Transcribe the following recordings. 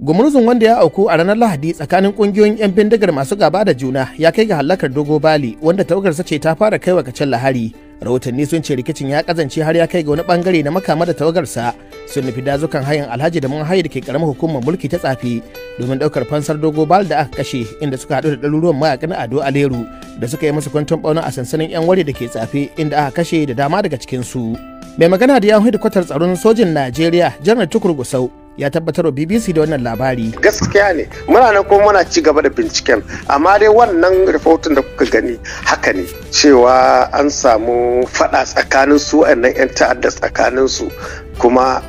gumurzun wanda ya auku a ranar lahadi tsakanin kungiyoyin 'yan bindigar masu gaba da juna ya kai ga halakar dogo bali wanda tawagarsa ce ta fara kaiwa kacin lahari rahotanni sun ce rikicin ya kazance har ya kai ga wani bangare na makama da tawagarsa sun nufi dazukan hayan alhaji da mun haye da ke karamar hukumar mulki ta tsafi domin daukar fansar dogo bal da aka kashe inda suka hadu da ɗaruruwan mayakan ado aleru da suka yi masa kwanton ɓauna a sansanin yan ware da ke tsafi inda aka kashe da dama daga cikinsu mai magana da yawon kwatar tsaron sojin najeriya janar tukur gusau ya tabbatar wa BBC da wannan labari. Gaskiya ne muna nan kuma muna ci gaba da binciken amma dai wannan rahoton da kuka gani haka ne cewa an samu fada tsakanin su 'yan ta'adda tsakanin su kuma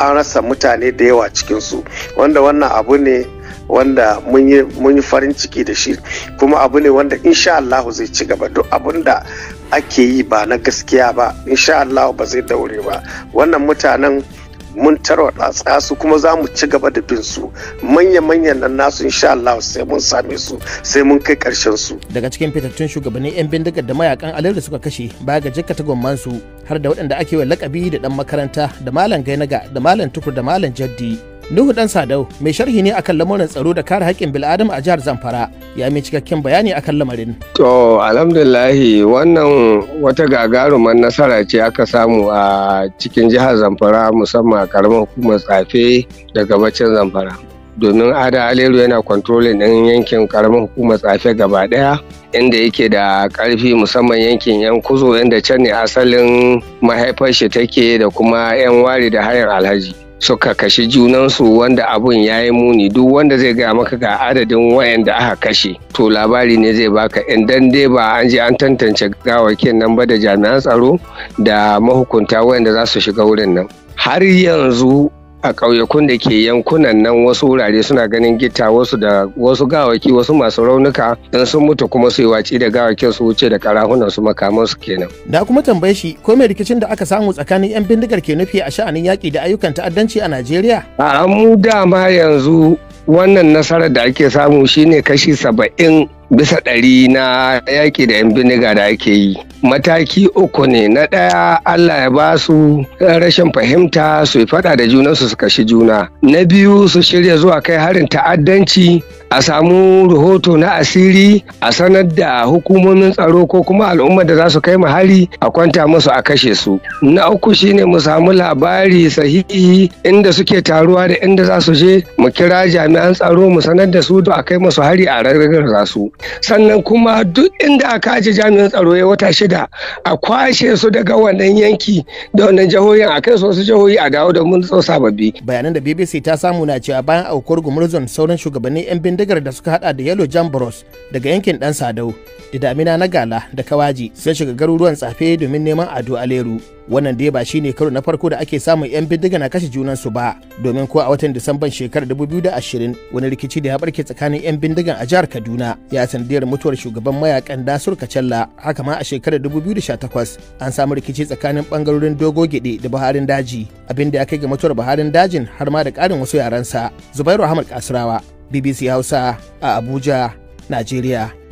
an rasa mutane da yawa cikin su wanda wannan abu ne wanda mun yi farin ciki da shi kuma abu ne wanda insha Allah zai ci gaba duk abin da ake yi ba na gaskiya ba insha Allah ba zai daure ba wannan mutanen mun tarwatsa su kuma za mu ci gaba da bin su manya-manyan nan nasu insha Allah sai mun same su sai mun kai karshen su daga cikin fitattun shugabannin yan bindigar da mayakan alir da suka kashe baya ga jikkata gomman su har da waɗanda ake wa lakabi da dan makaranta da malam gainaga da malam tukur da malam jaddi Nuhu Dan Sadau mai sharhi ne akan lamarin tsaro da kare haƙƙin bil'adam a jihar Zamfara ya mai cikakken bayani akan lamarin. To alhamdulillahi wannan wata gagarumar nasara ce aka samu a cikin jihar Zamfara musamman a karamar hukumar tsafe da gabacin Zamfara. Domin Ada Aliru yana kwantrolin ɗin yankin karamar hukumar tsafe gaba ɗaya inda yake da ƙarfi musamman yankin yan kuzo inda can ne asalin mahaifar shi take da kuma 'yan wari da hayar alhaji. suka kashe junansu wanda abun ya yi muni duk wanda zai gaya maka ga adadin wayanda aka kashe to labari ne zai baka idan dai ba an je an tantance gawakin nan ba da jami'an tsaro da mahukunta wayanda za su shiga wurin nan har yanzu a ƙauyakun da ke yankunan nan wasu wurare suna ganin gita wasu da wasu gawaki wasu masu raunuka in sun mutu kuma su yi waci da gawakin su wuce da karahunan su makaman su kenan da kuma tambaye shi ko mai rikicin da aka samu tsakanin yan bindigar ke nufi a sha'anin yaƙi da ayyukan ta'addanci a Najeriya a mu dama yanzu wannan nasarar da ake samu shine kashi saba'in bisa ɗari na yaƙi da 'yan biniga da ake yi. Mataki uku ne na ɗaya Allah ya ba su rashin fahimta su yi faɗa da junansu su kashi juna. Na biyu su shirya zuwa kai harin ta'addanci a samu rahoto na asiri a sanar da hukumomin tsaro ko kuma al'ummar da za su kai hari a kwanta musu a kashe su na uku shine mu samu labari sahihi inda suke taruwa da inda za su je mu kira jami'an tsaro mu sanar da su a kai musu hari a za su sannan kuma duk inda aka aje jami'an tsaro ya wata shida a kwashe su daga wannan yanki da wannan jihohin a kai su jihohi a dawo da mun sababbi bayanan da bbc ta samu na cewa bayan aukuwar gumurzon sauran shugabannin yan bindiga bindigar da suka hada da yellow jambros daga yankin dan sadau da damina na gala da kawaji sun shiga garuruwan tsafe domin neman ado aleru wannan dai ba shine karo na farko da ake samun yan bindiga na kashe junan su ba domin ko a watan disamban shekarar 2020 wani rikici da ya barke tsakanin yan bindigan a jihar kaduna ya sanadiyar mutuwar shugaban mayakan dasur kacalla haka ma a shekarar 2018 an samu rikici tsakanin bangarorin dogo gede da buharin daji abinda ya kai ga mutuwar buharin dajin har ma da karin wasu yaransa zubairu ahmad kasirawa BBC Hausa a Abuja, Najeriya.